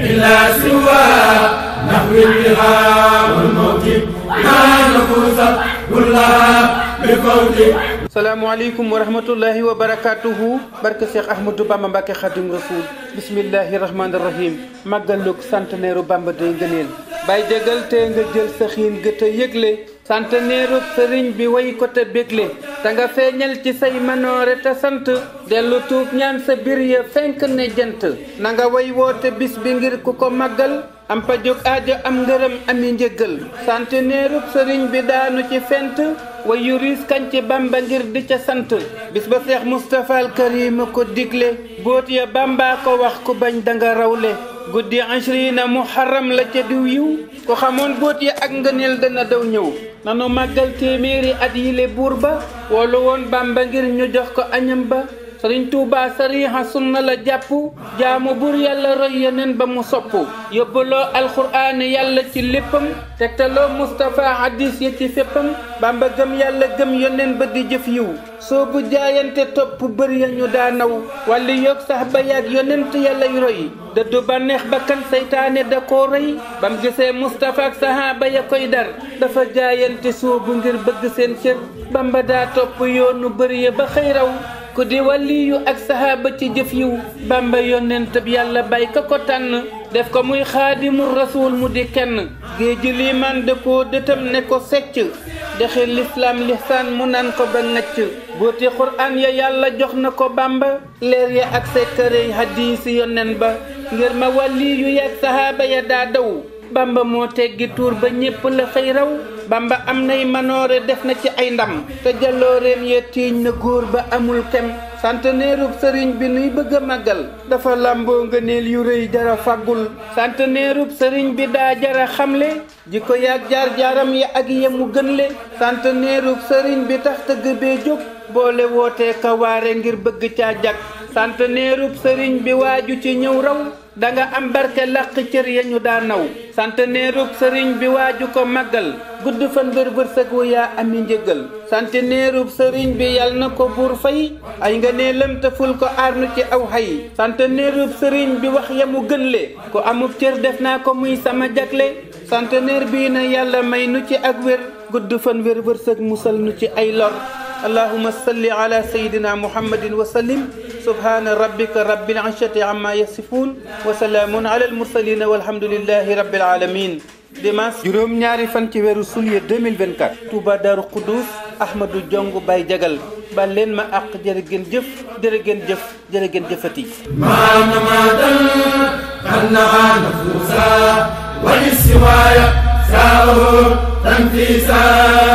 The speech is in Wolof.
إلا سوى نحو البغاء والموت لا نفوس كلها بفوت salaamaaleykum wa rahmatullahi wa barakaatuhu barke Cheikh Ahmadou Bamba Mbacke Khadim Rasoul bismillahi rahmaani rahim màggalug centenaire Bamba day ngëneel bàyyi jégal te nga jël sa xiin gët a yëgle sant santaneerub sëriñ bi way ko te bégle te nga feeñal ci say manoore te sant dellu tuub ñaan sa biir ya fenk ne jant na nga way te bis bi ngir ku ko màggal am pajuk aajo am ngërëm am njëgal sant santaneerub sëriñ bi daanu ci fent wa yu riis kañ ci bamba ngir di ca sant bis ba seex mustapha al karim ko digle boot ya bamba ko wax ku bañ danga rawle guddi ashrina muharram la ca diw yiw ku xamoon góot ya ak ngëneel dana daw ñëw nanu màggal téeméeri at yile buur ba woolu woon ba ngir ñu jox ko añam ba sëriñ Touba sariha sunna la jàpp jaamu bur yàlla roy yeneen ba mu sopp yóbbuloo alxuraan yàlla ci léppam tegtaloo Moustapha hadis ya ci féppam bamba gëm yàlla gëm yeneen ba di jëf yiw soo bu jaayante topp bëri ya ñu daanaw wàllu yoog sax ba yaag yonent yàllay roy dëddu bànneex kan seytaane da koo rey bam gisee Moustapha ak sahaaba ya koy dar dafa jaayante soobu ngir bëgg seen cër bamba daa topp yoonu bëri ya ba xëy raw ku di waliyu ak sahaaba ci jëf yiw bamba yonentab yàlla bay ka ko tànn def ko muy xaadimul rasul mu di kenn géeji liimaan da koo dëtam ne ko secc dexi lislaam lihsaan mu naan ko ba ngacc buuti quraan ya yàlla jox na ko bamba leer ya ak sekkarey hadiisi yonen ba ngir ma waliyu ya ak sahaaba ya daa daw bamba moo teggi tuur ba ñépp la xëy raw bamba am nay manoore def na ci ay ndam te jallooreem ya tiiñ na góor ba amul kem santeneerub sëriñ bi nuy bëgg a màggal dafa làmboo ngëneel yu rëy dara fàggul neerub sëriñ bi daa jara xamle jikko yaag jaar-jaaram yi ak yemu gën le sant santeneerub sëriñ bi tax tëgg bee jóg boole wootee kawaare ngir bëgg ca caa sant neerub sëriñ bi waaju ci ñëw raw da nga am barke làq cër ya ñu daa naw sant neerug sëriñ bi waaju ko màggal gudd fan bir wërsëg wu yaa ami njégal sant neerub sëriñ bi yal na ko buur fay ay nga nee lëm te ful ko aarnu ci aw xay sant neerub sëriñ bi wax yamu mu gën le ku amub cër def naa ko muy sama jagle sant neer bii na yàlla may nu ci ak wér gudd fan wér wërsëg musal nu ci ay lor allahumma salli ala seydinaa muhammadin wa sallim سبحان ربك رب العشة عما يصفون وسلام على المرسلين والحمد لله رب العالمين ديماس جروم نياري فانتي ورسول سولي 2024 توبا دار قدوس احمد جونغ باي جاغال بالين ما اق جرجن جف جرجن جف جرجن جفتي ما ما دل خلنا نفوسا ولسوايا ساره تنتيسا